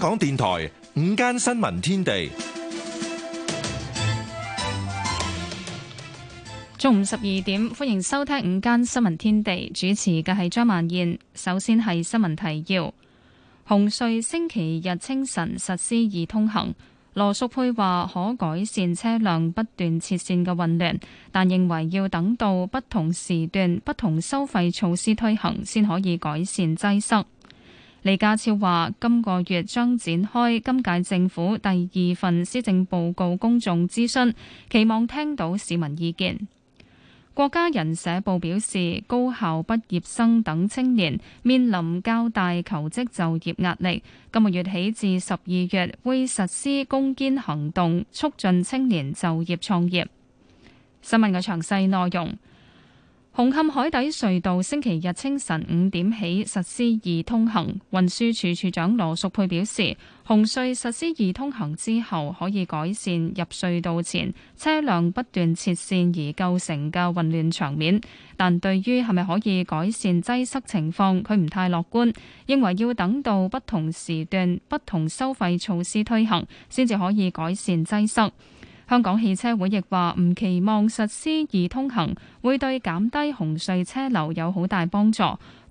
香港電台午間新聞天地，中午十二點。歡迎收聽午間新聞天地，主持嘅係張曼燕。首先係新聞提要：紅隧星期日清晨實施易通行，羅淑佩話可改善車輛不斷切線嘅混亂，但認為要等到不同時段、不同收費措施推行，先可以改善擠塞。李家超話：今個月將展開今屆政府第二份施政報告公眾諮詢，期望聽到市民意見。國家人社部表示，高校畢業生等青年面臨較大求職就業壓力，今個月起至十二月會實施攻堅行動，促進青年就業創業。新聞嘅詳細內容。紅磡海底隧道星期日清晨五點起實施易通行，運輸處處長羅淑佩表示，紅隧實施易通行之後，可以改善入隧道前車輛不斷切線而構成嘅混亂場面。但對於係咪可以改善擠塞情況，佢唔太樂觀，認為要等到不同時段、不同收費措施推行，先至可以改善擠塞。香港汽車會亦話唔期望實施易通行，會對減低紅隧車流有好大幫助，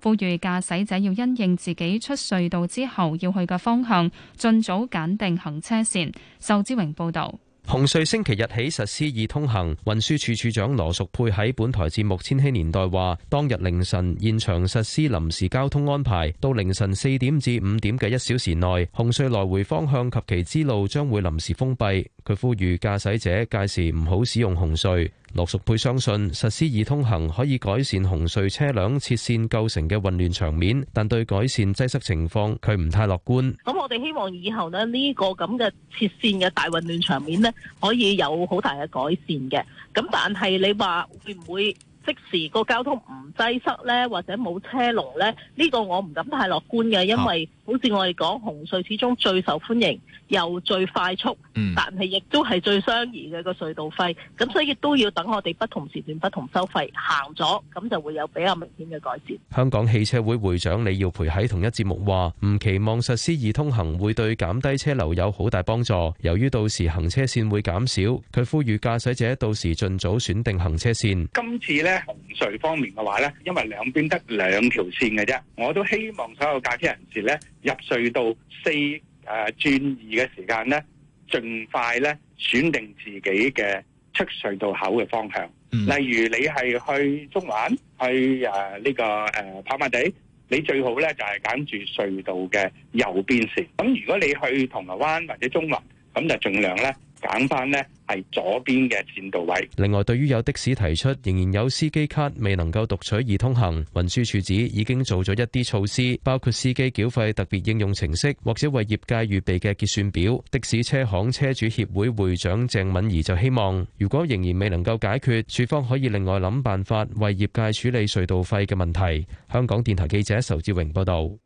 呼籲駕駛者要因應自己出隧道之後要去嘅方向，盡早揀定行車線。仇之榮報導。紅隧星期日起實施易通行，運輸署署長羅淑佩喺本台節目《千禧年代》話，當日凌晨現場實施臨時交通安排，到凌晨四點至五點嘅一小時內，紅隧來回方向及其之路將會臨時封閉。佢呼籲駕駛者屆時唔好使用紅隧。羅淑佩相信實施易通行可以改善紅隧車輛切線構成嘅混亂場面，但對改善擠塞情況佢唔太樂觀。咁我哋希望以後呢呢個咁嘅切線嘅大混亂場面呢可以有好大嘅改善嘅。咁但係你話會唔會即時個交通唔擠塞呢？或者冇車龍呢？呢個我唔敢太樂觀嘅，因為。好似我哋講紅隧始終最受歡迎又最快速，但係亦都係最相宜嘅個隧道費，咁所以亦都要等我哋不同時段不同收費行咗，咁就會有比較明顯嘅改善。香港汽車會會長李耀培喺同一節目話：唔期望實施易通行會對減低車流有好大幫助。由於到時行車線會減少，佢呼籲駕駛者到時盡早選定行車線。今次咧紅隧方面嘅話咧，因為兩邊得兩條線嘅啫，我都希望所有駕車人士咧。入隧道四誒轉二嘅時間咧，盡快咧選定自己嘅出隧道口嘅方向。例如你係去中環、去誒呢個誒跑馬地，你最好咧就係揀住隧道嘅右邊線。咁如果你去銅鑼灣或者中環，咁就盡量咧。揀翻呢係左邊嘅線道位。另外，對於有的士提出仍然有司機卡未能夠讀取而通行，運輸署指已經做咗一啲措施，包括司機繳費特別應用程式或者為業界預備嘅結算表。的士車行車主協會會長鄭敏儀就希望，如果仍然未能夠解決，署方可以另外諗辦法為業界處理隧道費嘅問題。香港電台記者仇志榮報導。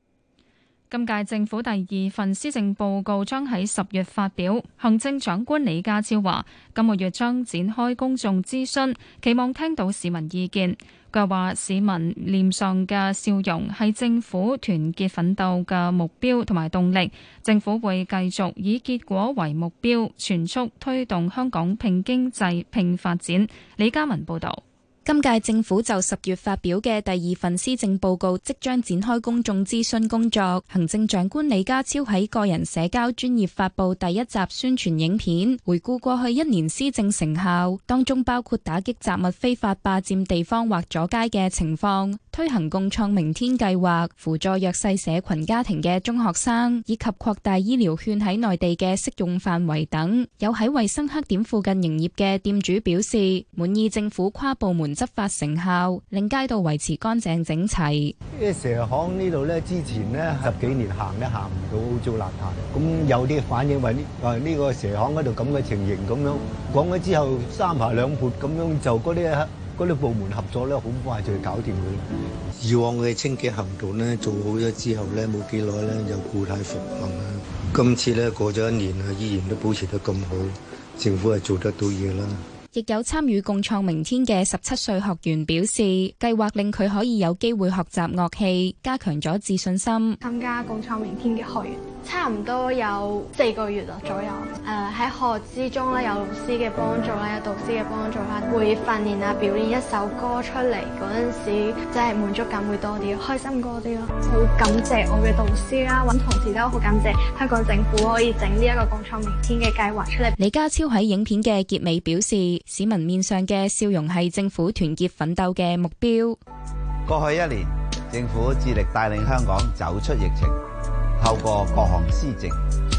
今屆政府第二份施政報告將喺十月發表。行政長官李家超話，今個月將展開公眾諮詢，期望聽到市民意見。佢話，市民臉上嘅笑容係政府團結奮鬥嘅目標同埋動力。政府會繼續以結果為目標，全速推動香港拼經濟、拼發展。李嘉文報道。今屆政府就十月發表嘅第二份施政報告，即將展開公眾諮詢工作。行政長官李家超喺個人社交專頁發佈第一集宣傳影片，回顧過去一年施政成效，當中包括打擊雜物非法霸佔地方或阻街嘅情況。推行共創明天計劃，輔助弱勢社群家庭嘅中學生，以及擴大醫療券喺內地嘅適用範圍等。有喺衞生黑點附近營業嘅店主表示，滿意政府跨部門執法成效，令街道維持乾淨整齊。蛇行呢，蛇巷呢度咧，之前咧是十幾年行都行唔到，污糟邋遢。咁有啲反應話呢，啊、呢、呢個蛇巷嗰度咁嘅情形咁樣講咗之後，三排兩撥咁樣就嗰啲。嗰啲部門合作咧，好快就搞掂佢。以往嘅清潔行動咧，做好咗之後咧，冇幾耐咧就故態復萌啦。今次咧過咗一年啊，依然都保持得咁好，政府係做得到嘢啦。亦有參與共創明天嘅十七歲學員表示，計劃令佢可以有機會學習樂器，加強咗自信心。參加共創明天嘅學員差唔多有四個月啦左右。誒喺、嗯呃、學之中咧，有老師嘅幫助啦，有導師嘅幫助啦，會訓練啊，表演一首歌出嚟嗰陣時，真係滿足感會多啲，開心多啲咯。好感謝我嘅導師啦，揾同事都好感謝香港政府可以整呢一個共創明天嘅計劃出嚟。李家超喺影片嘅結尾表示。市民面上嘅笑容係政府團結奮鬥嘅目標。過去一年，政府致力帶領香港走出疫情，透過各項施政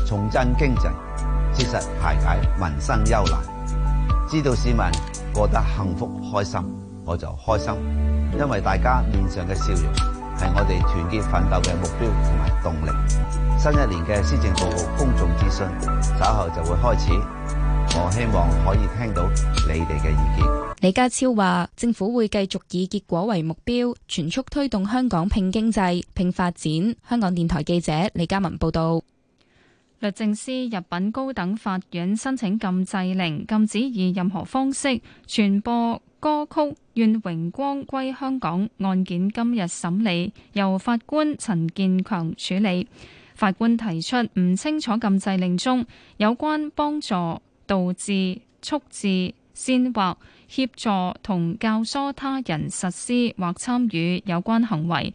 重振經濟，切實排解民生憂難。知道市民過得幸福開心，我就開心，因為大家面上嘅笑容係我哋團結奮鬥嘅目標同埋動力。新一年嘅施政報告公眾諮詢稍後就會開始。我希望可以聽到你哋嘅意見。李家超話，政府會繼續以結果為目標，全速推動香港拼經濟、拼發展。香港電台記者李嘉文報道。律政司入稟高等法院申請禁制令，禁止以任何方式傳播歌曲《願榮光歸香港》案件，今日審理，由法官陳建強處理。法官提出唔清楚禁制令中有關幫助。導致、促致、煽惑、協助同教唆他人實施或參與有關行為，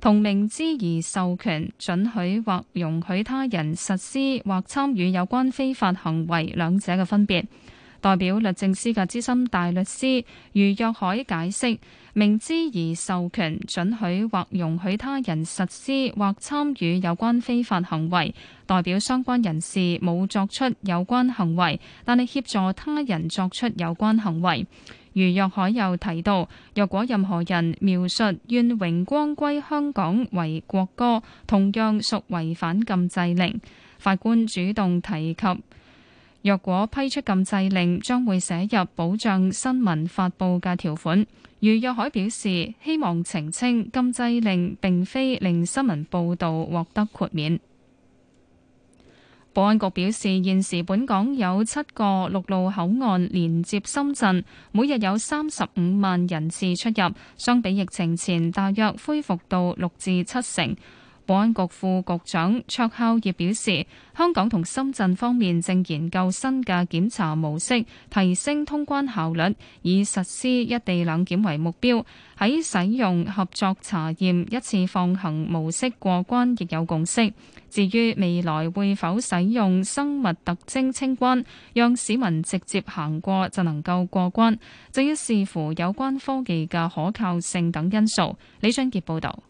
同明知而授權、准許或容許他人實施或參與有關非法行為，兩者嘅分別。代表律政司嘅資深大律師余若海解釋，明知而授權准許或容許他人實施或參與有關非法行為，代表相關人士冇作出有關行為，但係協助他人作出有關行為。余若海又提到，若果任何人描述願榮光歸香港為國歌，同樣屬違反禁制令。法官主動提及。若果批出禁制令，將會寫入保障新聞發布嘅條款。余若海表示，希望澄清禁制令並非令新聞報導獲得豁免。保安局表示，現時本港有七個陸路口岸連接深圳，每日有三十五萬人次出入，相比疫情前大約恢復到六至七成。保安局副局長卓孝業表示，香港同深圳方面正研究新嘅檢查模式，提升通關效率，以實施一地兩檢為目標。喺使用合作查驗一次放行模式過關，亦有共識。至於未來會否使用生物特徵清關，讓市民直接行過就能夠過關，正要視乎有關科技嘅可靠性等因素。李俊杰報道。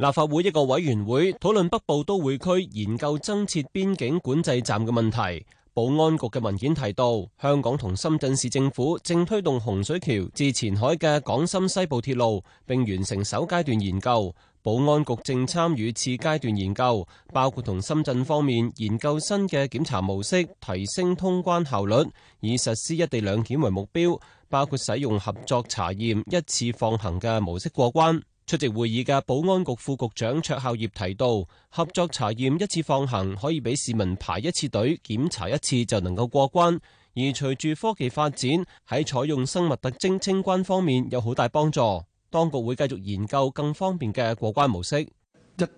立法會一個委員會討論北部都會區研究增設邊境管制站嘅問題。保安局嘅文件提到，香港同深圳市政府正推動洪水橋至前海嘅港深西部鐵路，並完成首階段研究。保安局正參與次階段研究，包括同深圳方面研究新嘅檢查模式，提升通關效率，以實施一地兩檢為目標，包括使用合作查驗一次放行嘅模式過關。出席會議嘅保安局副局長卓孝業提到，合作查驗一次放行可以俾市民排一次隊檢查一次就能夠過關，而隨住科技發展喺採用生物特徵清關方面有好大幫助。當局會繼續研究更方便嘅過關模式。一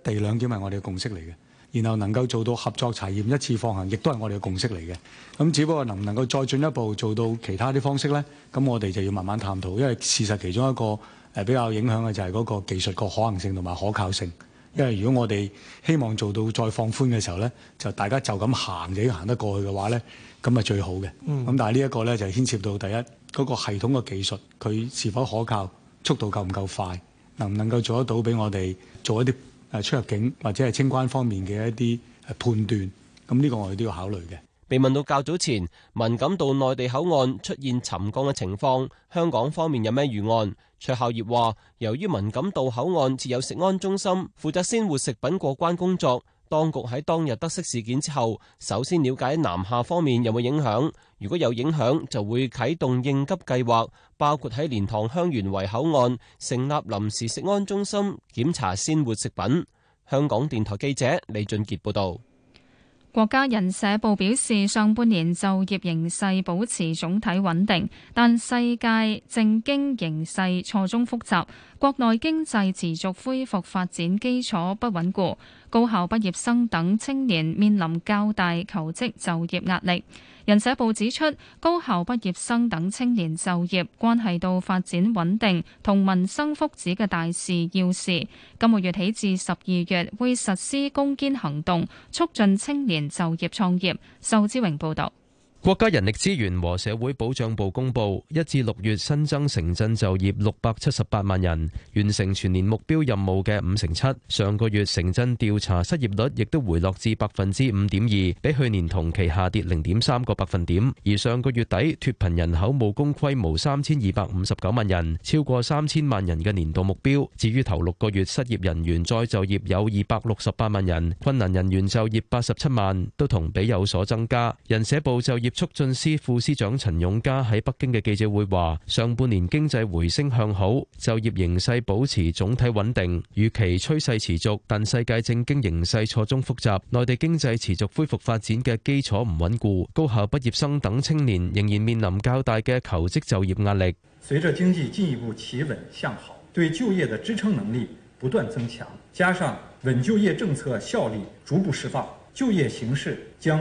地兩檢係我哋嘅共識嚟嘅，然後能夠做到合作查驗一次放行，亦都係我哋嘅共識嚟嘅。咁只不過能唔能夠再進一步做到其他啲方式呢？咁我哋就要慢慢探討，因為事實其中一個。誒比較影響嘅就係嗰個技術個可能性同埋可靠性，因為如果我哋希望做到再放寬嘅時候咧，就大家就咁行就已經行得過去嘅話咧，咁咪最好嘅。咁、嗯、但係呢一個咧就牽涉到第一嗰、嗰個系統嘅技術，佢是否可靠、速度夠唔夠快、能唔能夠做得到俾我哋做一啲誒出入境或者係清關方面嘅一啲誒判斷，咁呢個我哋都要考慮嘅。被問到較早前文錦渡內地口岸出現沉降嘅情況，香港方面有咩預案？卓孝業話：由於文錦渡口岸設有食安中心，負責鮮活食品過關工作，當局喺當日得悉事件之後，首先了解南下方面有冇影響。如果有影響，就會啟動應急計劃，包括喺蓮塘香園圍口岸成立臨時食安中心檢查鮮活食品。香港電台記者李俊傑報道。國家人社部表示，上半年就業形勢保持總體穩定，但世界政經形勢錯綜複雜，國內經濟持續恢復發展基礎不穩固，高校畢業生等青年面臨較大求職就業壓力。人社部指出，高校畢業生等青年就業關係到發展穩定同民生福祉嘅大事要事。今個月起至十二月，會實施攻堅行動促進青年就業創業，仇之榮報道。國家人力資源和社會保障部公布，一至六月新增城鎮就業六百七十八萬人，完成全年目標任務嘅五成七。上個月城鎮調查失業率亦都回落至百分之五點二，比去年同期下跌零點三個百分點。而上個月底脫貧人口務工規模三千二百五十九萬人，超過三千萬人嘅年度目標。至於頭六個月失業人員再就業有二百六十八萬人，困難人員就業八十七萬，都同比有所增加。人社部就業促進司副司長陳勇嘉喺北京嘅記者會話：上半年經濟回升向好，就業形勢保持總體穩定，預期趨勢持續，但世界正經形勢錯綜複雜，內地經濟持續恢復發展嘅基礎唔穩固，高校畢業生等青年仍然面臨較大嘅求職就業壓力。隨着經濟進一步企穩向好，對就業嘅支撐能力不斷增強，加上穩就業政策效力逐步釋放，就業形勢將。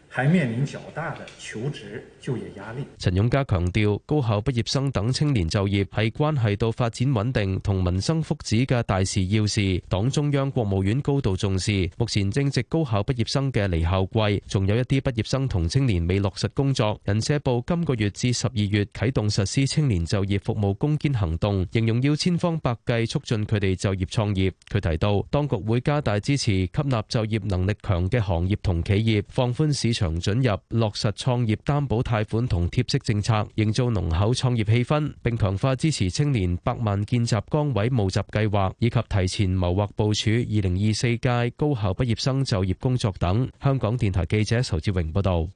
還面臨較大的求職就業壓力。陳勇加強調，高校畢業生等青年就業係關係到發展穩定同民生福祉嘅大事要事，黨中央、國務院高度重視。目前正值高校畢業生嘅離校季，仲有一啲畢業生同青年未落實工作。人社部今個月至十二月啟動實施青年就業服務攻堅行動，形容要千方百計促進佢哋就業創業。佢提到，當局會加大支持，吸納就業能力強嘅行業同企業，放寬市場。場準入，落實創業擔保貸款同貼息政策，營造濃厚創業氣氛，並強化支持青年百萬見習崗位募集計劃，以及提前謀劃部署二零二四屆高校畢業生就業工作等。香港電台記者仇志榮報道。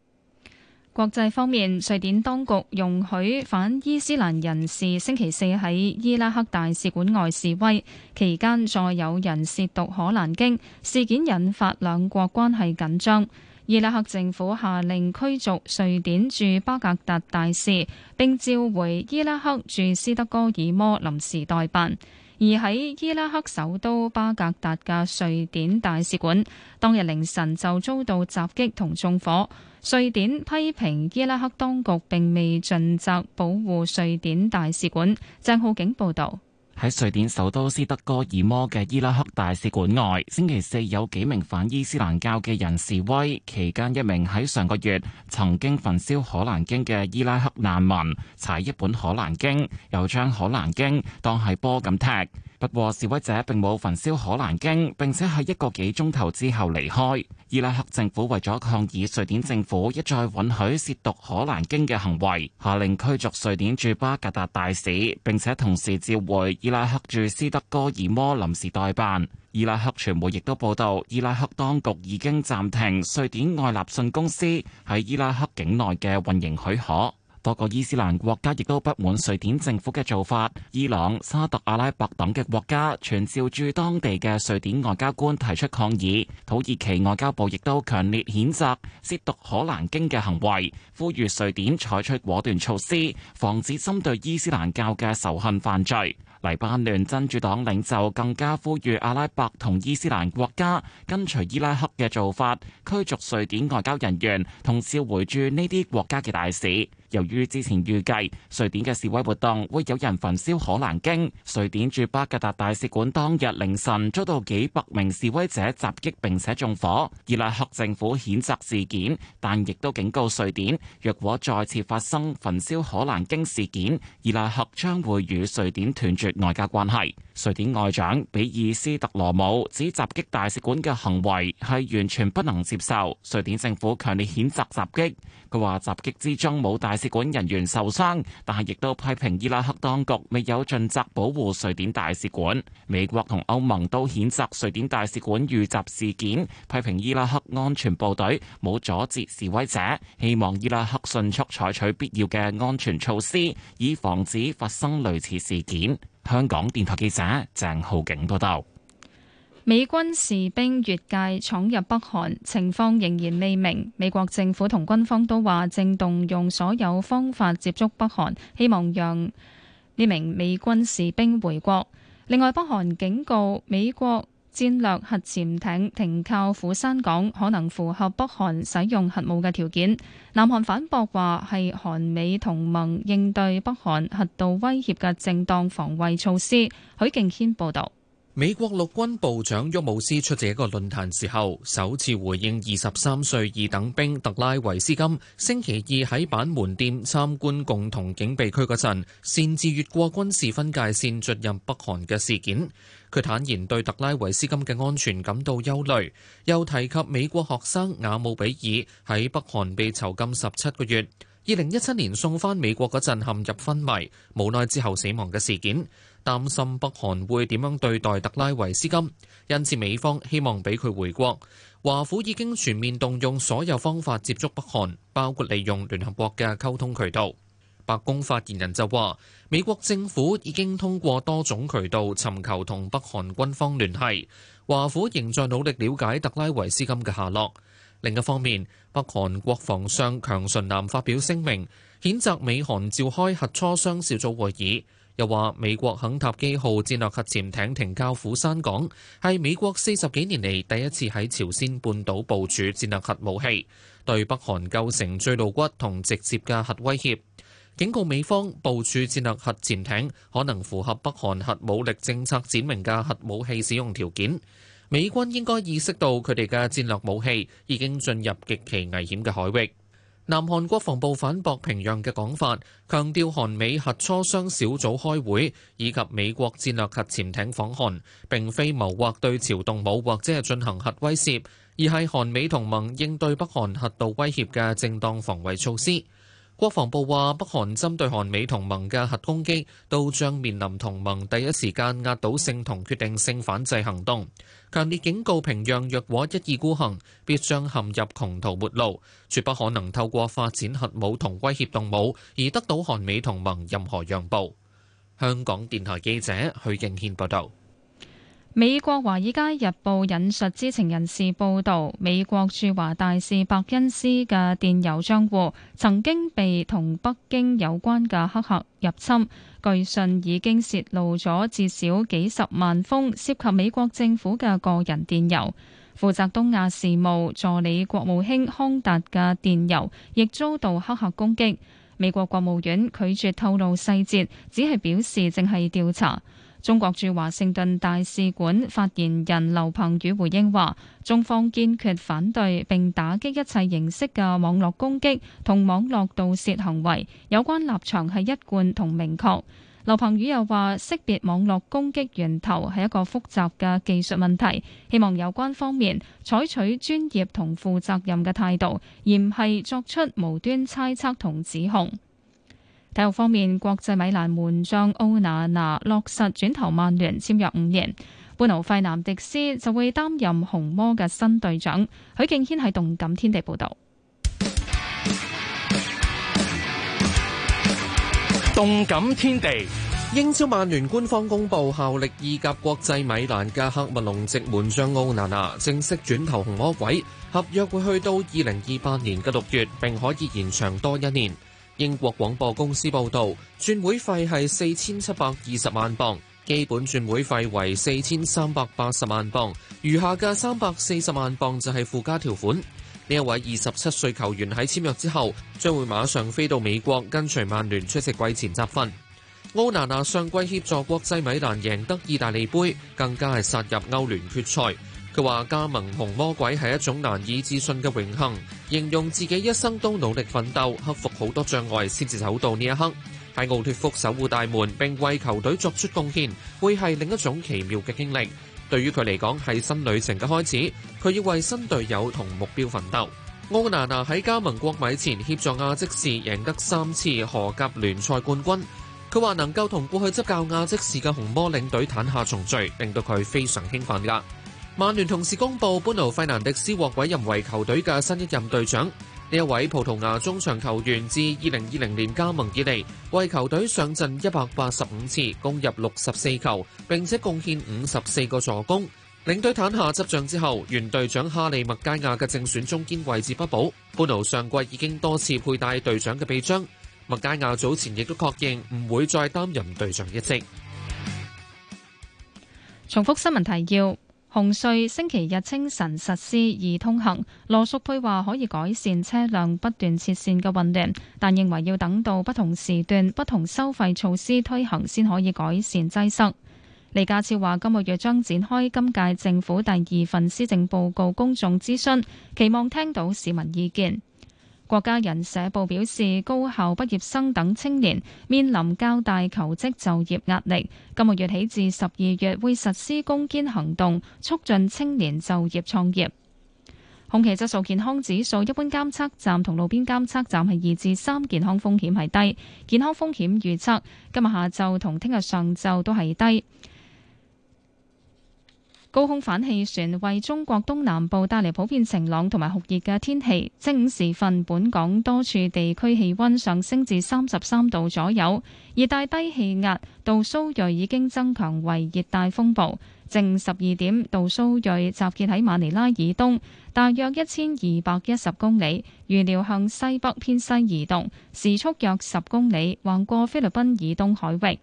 國際方面，瑞典當局容許反伊斯蘭人士星期四喺伊拉克大使館外示威，期間再有人褻瀆可蘭經事件，引發兩國關係緊張。伊拉克政府下令驅逐瑞典駐巴格達大使，並召回伊拉克駐斯德哥爾摩臨時代辦。而喺伊拉克首都巴格達嘅瑞典大使館當日凌晨就遭到襲擊同縱火。瑞典批評伊拉克當局並未盡責保護瑞典大使館。鄭浩景報道。喺瑞典首都斯德哥爾摩嘅伊拉克大使館外，星期四有幾名反伊斯蘭教嘅人示威，期間一名喺上個月曾經焚燒可蘭經嘅伊拉克難民，踩一本可蘭經，又將可蘭經當係波咁踢。話示威者並冇焚燒可蘭經，並且喺一個幾鐘頭之後離開。伊拉克政府為咗抗議瑞典政府一再允許褻瀆可蘭經嘅行為，下令驅逐瑞典駐巴格達大使，並且同時召回伊拉克駐斯德哥爾摩臨時代辦。伊拉克傳媒亦都報道，伊拉克當局已經暫停瑞典愛立信公司喺伊拉克境內嘅運營許可。多個伊斯蘭國家亦都不滿瑞典政府嘅做法，伊朗、沙特阿拉伯等嘅國家傳召駐當地嘅瑞典外交官提出抗議。土耳其外交部亦都強烈譴責褻瀆可蘭經嘅行為，呼籲瑞典採取果斷措施，防止針對伊斯蘭教嘅仇恨犯罪。黎巴嫩真主黨領袖更加呼籲阿拉伯同伊斯蘭國家跟隨伊拉克嘅做法，驅逐瑞典外交人員同召回駐呢啲國家嘅大使。由於之前預計瑞典嘅示威活動會有人焚燒可蘭經，瑞典駐巴格達大使館當日凌晨遭到幾百名示威者襲擊並且縱火。伊拉克政府譴責事件，但亦都警告瑞典，若果再次發生焚燒可蘭經事件，伊拉克將會與瑞典斷絕外交關係。瑞典外長比爾斯特羅姆指襲擊大使館嘅行為係完全不能接受，瑞典政府強烈譴責襲擊。佢話襲擊之中冇大使館人員受傷，但係亦都批評伊拉克當局未有盡責保護瑞典大使館。美國同歐盟都譴責瑞典大使館遇襲事件，批評伊拉克安全部隊冇阻止示威者，希望伊拉克迅速採取必要嘅安全措施，以防止發生類似事件。香港電台記者鄭浩景報道：美軍士兵越界闖入北韓，情況仍然未明。美國政府同軍方都話正動用所有方法接觸北韓，希望讓呢名美軍士兵回國。另外，北韓警告美國。戰略核潛艇停靠釜山港，可能符合北韓使用核武嘅條件。南韓反駁話係韓美同盟應對北韓核導威脅嘅正當防衛措施。許敬軒報導。美國陸軍部長沃姆斯出席一個論壇時候，首次回應二十三歲二等兵特拉維斯金星期二喺板門店參觀共同警備區嗰陣，擅自越過軍事分界線進入北韓嘅事件。佢坦言對特拉維斯金嘅安全感到憂慮，又提及美國學生瓦姆比爾喺北韓被囚禁十七個月，二零一七年送返美國嗰陣陷入昏迷，無奈之後死亡嘅事件。擔心北韓會點樣對待特拉維斯金，因此美方希望俾佢回國。華府已經全面動用所有方法接觸北韓，包括利用聯合國嘅溝通渠道。白宮發言人就話：美國政府已經通過多種渠道尋求同北韓軍方聯繫。華府仍在努力了解特拉維斯金嘅下落。另一方面，北韓國防相強順南發表聲明，譴責美韓召開核磋商小組會議。又話美國肯塔基號戰略核潛艇停靠釜山港，係美國四十幾年嚟第一次喺朝鮮半島部署戰略核武器，對北韓構成最露骨同直接嘅核威脅。警告美方部署戰略核潛艇可能符合北韓核武力政策展明嘅核武器使用條件，美軍應該意識到佢哋嘅戰略武器已經進入極其危險嘅海域。南韓國防部反駁平壤嘅講法，強調韓美核磋商小組開會以及美國戰略核潛艇訪韓，並非謀劃對朝動武或者係進行核威懾，而係韓美同盟應對北韓核導威脅嘅正當防衞措施。國防部話：北韓針對韓美同盟嘅核攻擊，都將面臨同盟第一時間壓倒性同決定性反制行動，強烈警告平壤，若果一意孤行，必將陷入窮途末路，絕不可能透過發展核武同威脅動武而得到韓美同盟任何讓步。香港電台記者許敬軒報導。美國《華爾街日報》引述知情人士報導，美國駐華大使伯恩斯嘅電郵帳戶曾經被同北京有關嘅黑客入侵，據信已經泄露咗至少幾十萬封涉及美國政府嘅個人電郵。負責東亞事務助理國務卿康達嘅電郵亦遭到黑客攻擊。美國國務院拒絕透露細節，只係表示正係調查。中國駐華盛頓大使館發言人劉鵬宇回應話，中方堅決反對並打擊一切形式嘅網絡攻擊同網絡盜竊行為，有關立場係一貫同明確。劉鵬宇又話，識別網絡攻擊源頭係一個複雜嘅技術問題，希望有關方面採取專業同負責任嘅態度，而唔係作出無端猜測同指控。體育方面，國際米蘭門將奧納納落實轉投曼聯，簽約五年。般奴費南迪斯就會擔任紅魔嘅新隊長。許敬軒喺動感天地報道。動感天地，英超曼聯官方公布效力意甲國際米蘭嘅喀麥隆籍門將奧納納正式轉投紅魔鬼，鬼合約會去到二零二八年嘅六月，並可以延長多一年。英國廣播公司報道，轉會費係四千七百二十萬鎊，基本轉會費為四千三百八十萬鎊，餘下嘅三百四十萬鎊就係附加條款。呢一位二十七歲球員喺簽約之後，將會馬上飛到美國跟隨曼聯出席季前集訓。奧拿拿上季協助國際米蘭贏得意大利杯，更加係殺入歐聯決賽。佢話加盟紅魔鬼係一種難以置信嘅榮幸，形容自己一生都努力奮鬥，克服好多障礙，先至走到呢一刻。喺奧脱福守護大門，並為球隊作出貢獻，會係另一種奇妙嘅經歷。對於佢嚟講，係新旅程嘅開始。佢要為新隊友同目標奮鬥。奧娜娜喺加盟國米前協亞，協助亞積士贏得三次荷甲聯賽冠軍。佢話能夠同過去執教亞積士嘅紅魔領隊坦下重聚，令到佢非常興奮噶。曼聯同時公布，布，般奴費南迪斯獲委任為球隊嘅新一任隊長。呢一位葡萄牙中場球員，自二零二零年加盟以來，為球隊上陣一百八十五次，攻入六十四球，並且貢獻五十四個助攻。領隊坦下執掌之後，原隊長哈利麥佳亞嘅正選中堅位置不保。般奴上季已經多次佩戴隊長嘅臂章。麥佳亞早前亦都確認唔會再擔任隊長一職。重複新聞提要。紅隧星期日清晨實施易通行，羅淑佩話可以改善車輛不斷切線嘅混亂，但認為要等到不同時段、不同收費措施推行先可以改善擠塞。李家超話今個月將展開今屆政府第二份施政報告公眾諮詢，期望聽到市民意見。國家人社部表示，高校畢業生等青年面臨較大求職就業壓力。今個月起至十二月會實施攻堅行動，促進青年就業創業。空氣質素健康指數，一般監測站同路邊監測站係二至三，健康風險係低。健康風險預測，今日下晝同聽日上晝都係低。高空反氣旋為中國東南部帶嚟普遍晴朗同埋酷熱嘅天氣。正午時分，本港多處地區氣温上升至三十三度左右。熱帶低氣壓杜蘇芮已經增強為熱帶風暴，正十二點，杜蘇芮集結喺馬尼拉以東，大約一千二百一十公里，預料向西北偏西移動，時速約十公里，橫過菲律賓以東海域。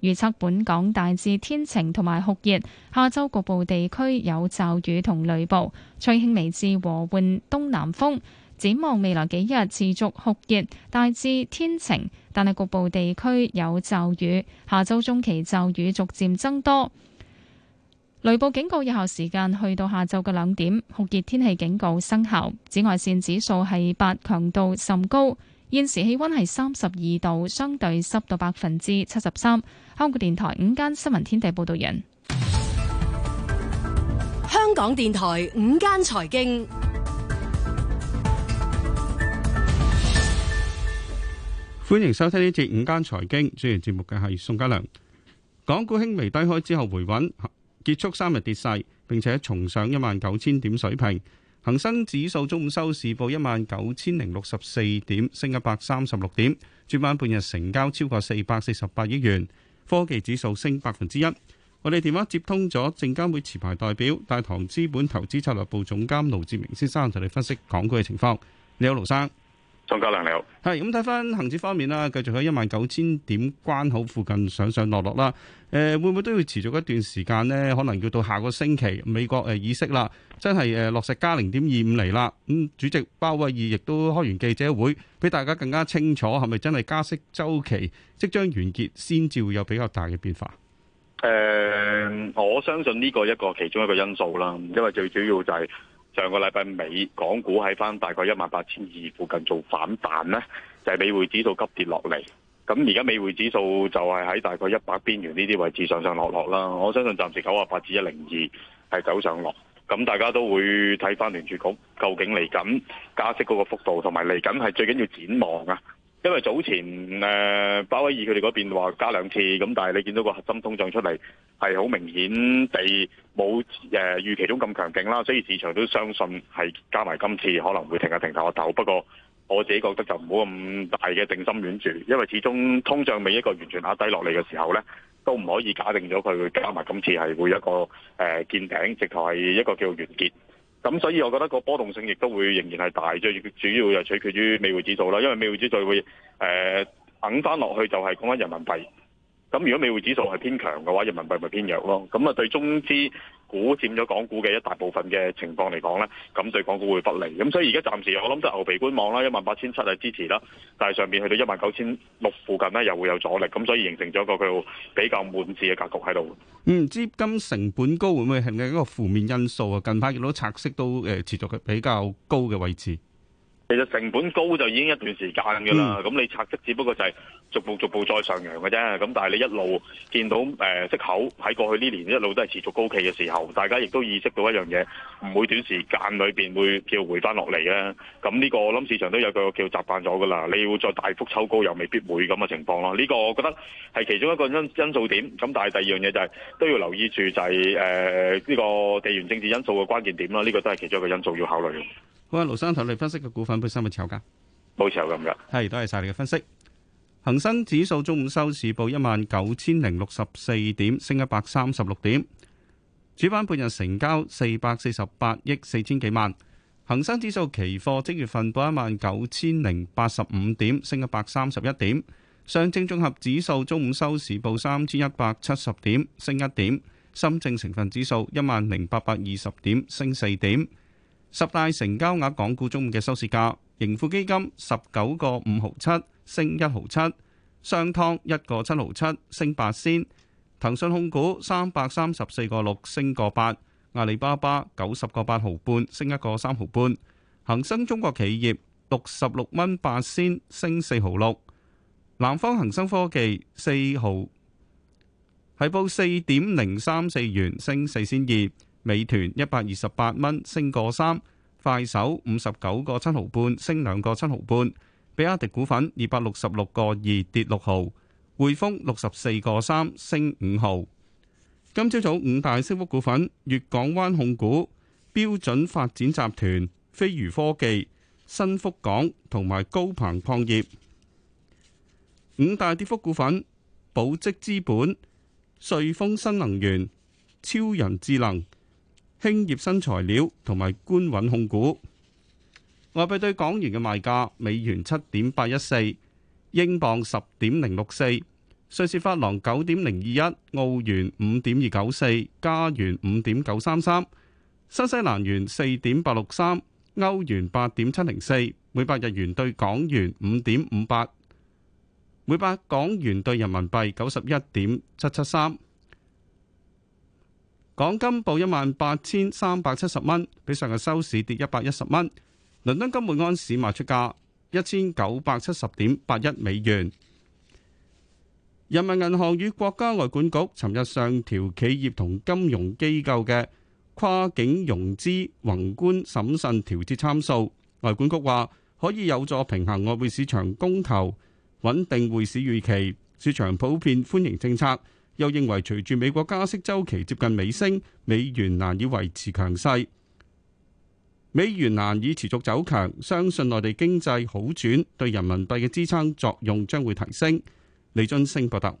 預測本港大致天晴同埋酷熱，下周局部地區有驟雨同雷暴，吹輕微至和緩東南風。展望未來幾日持續酷熱，大致天晴，但係局部地區有驟雨。下周中期驟雨逐漸增多，雷暴警告有效時間去到下晝嘅兩點，酷熱天氣警告生效。紫外線指數係八，強度甚高。現時氣溫係三十二度，相對濕度百分之七十三。香港電台午間新聞天地報道人，香港電台午間財經，歡迎收聽呢節午間財經主持節目嘅係宋家良。港股輕微低開之後回穩，結束三日跌勢，並且重上一萬九千點水平。恒生指數中午收市報一萬九千零六十四點，升一百三十六點，主板半日成交超過四百四十八億元。科技指數升百分之一，我哋電話接通咗證監會持牌代表大堂資本投資策略部總監盧志明先生，同你分析港股嘅情況。你好，盧生。張家良你好。係咁睇返恒指方面啦，繼續喺一萬九千點關口附近上上落落啦。誒、呃，會唔會都要持續一段時間呢？可能要到下個星期，美國誒議息啦，真係誒落實加零點二五厘啦。咁、嗯、主席鮑威爾亦都開完記者會，俾大家更加清楚係咪真係加息周期即將完結，先至會有比較大嘅變化。誒、呃，我相信呢個一個其中一個因素啦，因為最主要就係、是。上個禮拜尾，港股喺翻大概一萬八千二附近做反彈呢就係、是、美匯指數急跌落嚟。咁而家美匯指數就係喺大概一百邊緣呢啲位置上上落落啦。我相信暫時九啊八至一零二係走上落。咁大家都會睇翻聯儲局究竟嚟緊加息嗰個幅度，同埋嚟緊係最緊要展望啊！因為早前誒鮑、呃、威爾佢哋嗰邊話加兩次，咁但係你見到個核心通脹出嚟係好明顯地冇誒、呃、預期中咁強勁啦，所以市場都相信係加埋今次可能會停下停下個頭。不過我自己覺得就唔好咁大嘅定心丸住，因為始終通脹未一個完全壓低落嚟嘅時候呢，都唔可以假定咗佢會加埋今次係會一個誒見、呃、頂，直頭係一個叫完結。咁所以，我覺得個波動性亦都會仍然係大，最主要就取決於美匯指數啦。因為美匯指數會誒硬翻落去，就係講緊人民幣。咁如果美匯指數係偏強嘅話，人民幣咪偏弱咯。咁啊，對中資股佔咗港股嘅一大部分嘅情況嚟講呢，咁對港股會不利。咁所以而家暫時我諗得牛皮觀望啦，一萬八千七係支持啦，但係上面去到一萬九千六附近呢，又會有阻力。咁所以形成咗一個佢比較悶市嘅格局喺度。嗯，資金成本高會唔會係咪一個負面因素啊？近排見到拆息都誒持續嘅比較高嘅位置。其實成本高就已經一段時間噶啦，咁你拆息只不過就係逐步逐步再上揚嘅啫，咁但係你一路見到誒、呃、息口喺過去呢年一路都係持續高企嘅時候，大家亦都意識到一樣嘢，唔會短時間裏邊會叫回翻落嚟啊。咁呢個我諗市場都有個叫習慣咗噶啦，你要再大幅抽高又未必會咁嘅情況咯。呢、這個我覺得係其中一個因因素點，咁但係第二樣嘢就係、是、都要留意住就係誒呢個地緣政治因素嘅關鍵點啦，呢、這個都係其中一個因素要考慮嘅。好，盧生同你分析嘅股份，本身有冇炒噶？冇炒咁噶。係，多謝晒你嘅分析。恒生指數中午收市報一萬九千零六十四點，升一百三十六點。主板半日成交四百四十八億四千幾萬。恒生指數期貨，即月份報一萬九千零八十五點，升一百三十一點。上證綜合指數中午收市報三千一百七十點，升一點。深證成分指數一萬零八百二十點，升四點。十大成交額港股中午嘅收市價，盈富基金十九個五毫七，升一毫七；商湯一個七毫七，升八仙；騰訊控股三百三十四個六，升個八；阿里巴巴九十個八毫半，升一個三毫半；恒生中國企業六十六蚊八仙，升四毫六；南方恒生科技四毫係報四點零三四元，升四仙二。美團一百二十八蚊升個三，快手五十九個七毫半升兩個七毫半，比亞迪股份二百六十六個二跌六毫，匯豐六十四個三升五毫。今朝早五大升幅股份：粵港灣控股、標準發展集團、飛魚科技、新福港同埋高鵬礦業。五大跌幅股份：寶積資本、瑞豐新能源、超人智能。興業新材料同埋官穩控股。外幣對港元嘅賣價：美元七點八一四，英鎊十點零六四，瑞士法郎九點零二一，澳元五點二九四，加元五點九三三，新西蘭元四點八六三，歐元八點七零四，每百日元對港元五點五八，每百港元對人民幣九十一點七七三。港金報一萬八千三百七十蚊，比上日收市跌一百一十蚊。倫敦金每盎司賣出價一千九百七十點八一美元。人民銀行與國家外管局尋日上調企業同金融機構嘅跨境融資宏觀審慎調節參數。外管局話可以有助平衡外匯市場供求，穩定匯市預期。市場普遍歡迎政策。又認為隨住美國加息周期接近尾聲，美元難以維持強勢，美元難以持續走強。相信內地經濟好轉，對人民幣嘅支撐作用將會提升。李津升報道。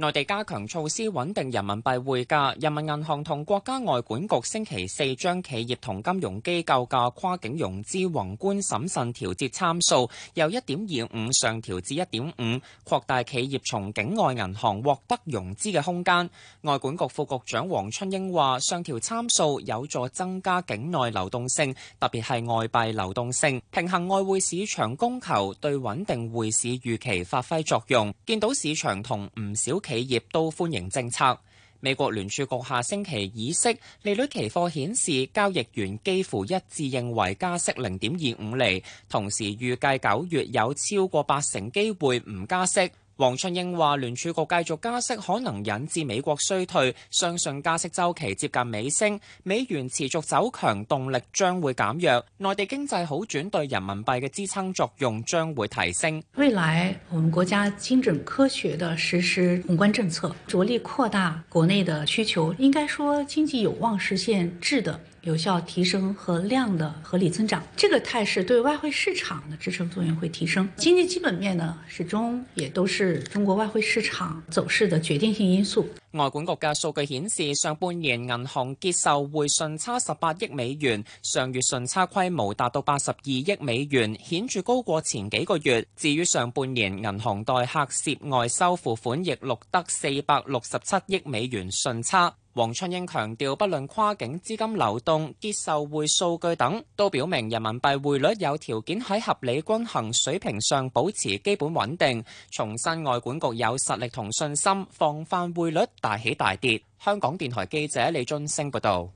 內地加強措施穩定人民幣匯價，人民銀行同國家外管局星期四將企業同金融機構嘅跨境融資宏觀審慎調節參數由一點二五上調至一點五，擴大企業從境外銀行獲得融資嘅空間。外管局副局長黃春英話：上調參數有助增加境內流動性，特別係外幣流動性平衡外匯市場供求，對穩定匯市預期發揮作用。見到市場同唔少企業都歡迎政策。美國聯儲局下星期議息，利率期貨顯示交易員幾乎一致認為加息0.25厘，同時預計九月有超過八成機會唔加息。黃春英話：聯儲局繼續加息可能引致美國衰退，相信加息周期接近尾聲，美元持續走強動力將會減弱。內地經濟好轉對人民幣嘅支撐作用將會提升。未來我們國家精準科學地實施宏觀政策，着力擴大國內的需求，應該說經濟有望實現質的。有效提升和量的合理增長，這個態勢對外匯市場的支撐作用會提升。經濟基本面呢，始終也都是中國外匯市場走勢的決定性因素。外管局嘅數據顯示，上半年銀行結售匯順差十八億美元，上月順差規模達到八十二億美元，顯著高過前幾個月。至於上半年銀行代客涉外收付款，亦錄得四百六十七億美元順差。黃王春英強調，不論跨境資金流動、結售匯數據等，都表明人民幣匯率有條件喺合理均衡水平上保持基本穩定。重申外管局有實力同信心防範匯率大起大跌。香港電台記者李俊升報道。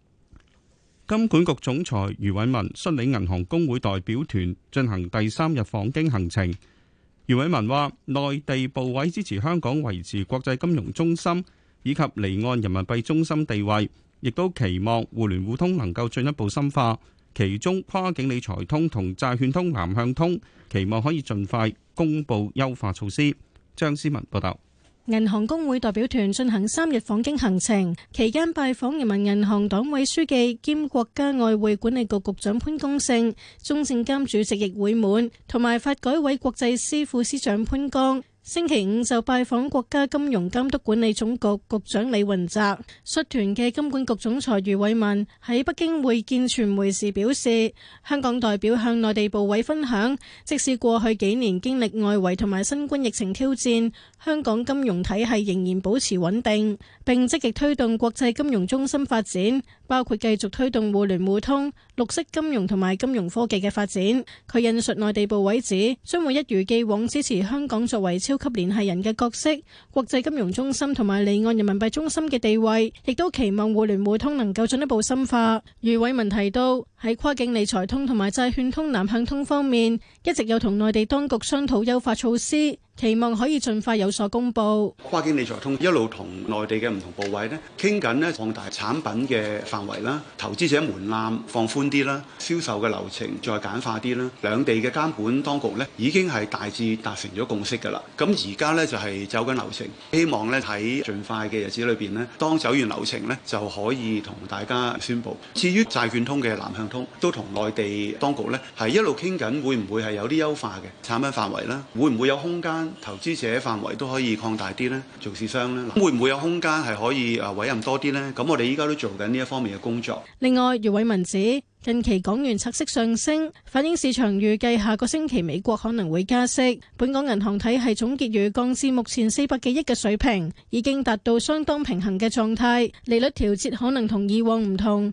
金管局總裁余偉文率領銀行公會代表團進行第三日訪京行程。余偉文話：內地部委支持香港維持國際金融中心以及離岸人民幣中心地位，亦都期望互聯互通能夠進一步深化，其中跨境理財通同債券通南向通，期望可以盡快公布優化措施。張思文報道。銀行公會代表團進行三日訪京行程，期間拜訪人民銀行黨委書記兼國家外匯管理局局長潘功勝，中證監主席易會滿，同埋發改委國際司副司長潘剛。星期五就拜訪國家金融監督管理總局局長李雲澤，率團嘅金管局總裁余偉文喺北京會見傳媒時表示，香港代表向內地部委分享，即使過去幾年經歷外圍同埋新冠疫情挑戰，香港金融體系仍然保持穩定，並積極推動國際金融中心發展，包括繼續推動互聯互通、綠色金融同埋金融科技嘅發展。佢引述內地部委指，將會一如既往支持香港作為超。超級聯繫人嘅角色、國際金融中心同埋離岸人民幣中心嘅地位，亦都期望互聯互通能夠進一步深化。余偉文提到。喺跨境理財通同埋債券通南向通方面，一直有同內地當局商討優化措施，期望可以盡快有所公布。跨境理財通一路同內地嘅唔同部委咧，傾緊咧擴大產品嘅範圍啦，投資者門檻放寬啲啦，銷售嘅流程再簡化啲啦。兩地嘅監管當局咧已經係大致達成咗共識噶啦。咁而家咧就係走緊流程，希望咧喺盡快嘅日子裏邊咧，當走完流程咧就可以同大家宣布。至於債券通嘅南向，都同內地當局咧係一路傾緊，會唔會係有啲優化嘅產品範圍啦？會唔會有空間？投資者範圍都可以擴大啲咧，做市商咧，會唔會有空間係可以啊委任多啲咧？咁我哋依家都做緊呢一方面嘅工作。另外，余偉文指近期港元拆息上升，反映市場預計下個星期美國可能會加息。本港銀行體系總結餘降至目前四百幾億嘅水平，已經達到相當平衡嘅狀態，利率調節可能同以往唔同。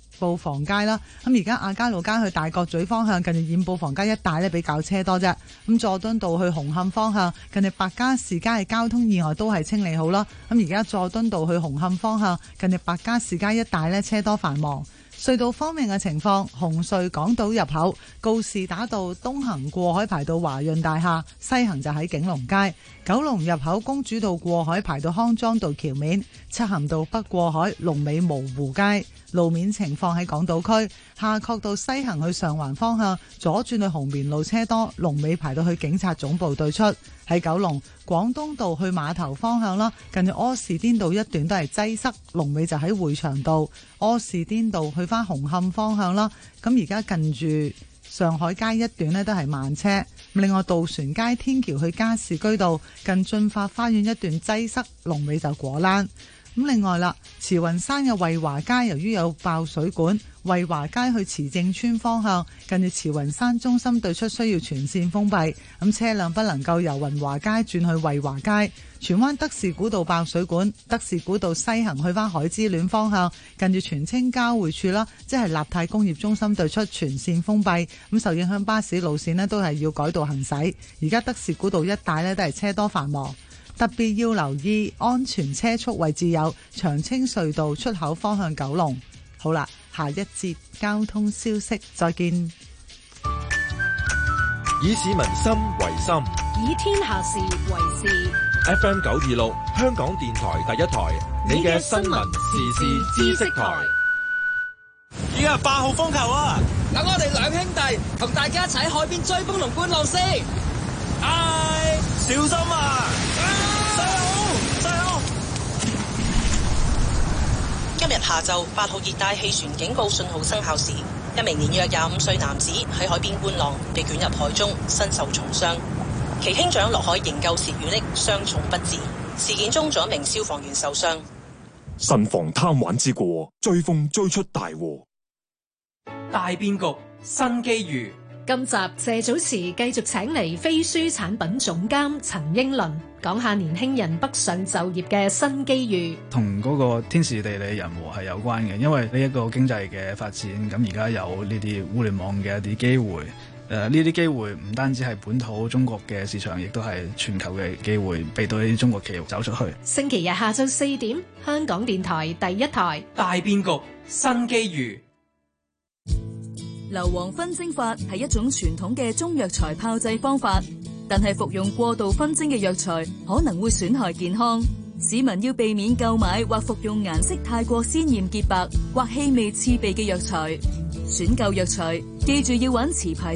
布房街啦，咁而家亞皆老街去大角咀方向，近住染布房街一帶咧，比較車多啫。咁佐敦道去紅磡方向，近住白加士街嘅交通意外都係清理好啦。咁而家佐敦道去紅磡方向，近住白加士街一帶咧，車多繁忙。隧道方面嘅情況，紅隧港島入口，告士打道東行過海排到華潤大廈，西行就喺景隆街。九龍入口，公主道過海排到康莊道橋面，漆咸道北過海龍尾蕪湖街。路面情況，喺港島區夏慤道西行去上環方向左轉去紅棉路車多，龍尾排到去警察總部對出。喺九龍廣東道去碼頭方向啦，近住柯士甸道一段都係擠塞，龍尾就喺匯祥道。柯士甸道去返紅磡方向啦，咁而家近住上海街一段呢，都係慢車。另外，渡船街天橋去加士居道近駿發花園一段擠塞，龍尾就果欄。咁另外啦，慈雲山嘅惠華街由於有爆水管，惠華街去慈正村方向近住慈雲山中心對出需要全線封閉，咁車輛不能夠由雲華街轉去惠華街。荃灣德士古道爆水管，德士古道西行去返海之戀方向，近住荃青交匯處啦，即係立泰工業中心對出全線封閉，咁受影響巴士路線呢，都係要改道行駛。而家德士古道一帶呢，都係車多繁忙，特別要留意安全車速，位置有長青隧道出口方向九龍。好啦，下一節交通消息，再見。以市民心為心，以天下事為事。FM 九二六，香港電台第一台，你嘅新聞時事知識台。而家八號風球啊！咁我哋兩兄弟同大家一齊喺海邊追風同觀浪先。係、哎，小心啊！細、啊、佬，細佬。今日下晝八號熱帶氣旋警告信號生效時，一名年約廿五歲男子喺海邊觀浪，被捲入海中，身受重傷。其兄長落海營救時，遇溺傷重不治。事件中，仲有一名消防員受傷。慎防貪玩之過，追風追出大禍。大變局，新機遇。今集謝祖慈繼續請嚟飛書產品總監陳英倫，講下年輕人北上就業嘅新機遇。同嗰個天時、地利人和係有關嘅，因為呢一個經濟嘅發展，咁而家有呢啲互聯網嘅一啲機會。誒，呢啲機會唔單止係本土中國嘅市場，亦都係全球嘅機會，俾到呢啲中國企業走出去。星期日下晝四點，香港電台第一台《大變局新機遇》。硫磺分蒸法係一種傳統嘅中藥材炮製方法，但係服用過度燻蒸嘅藥材可能會損害健康。市民要避免購買或服用顏色太過鮮艷、潔白或氣味刺鼻嘅藥材。選購藥材，記住要揾持牌。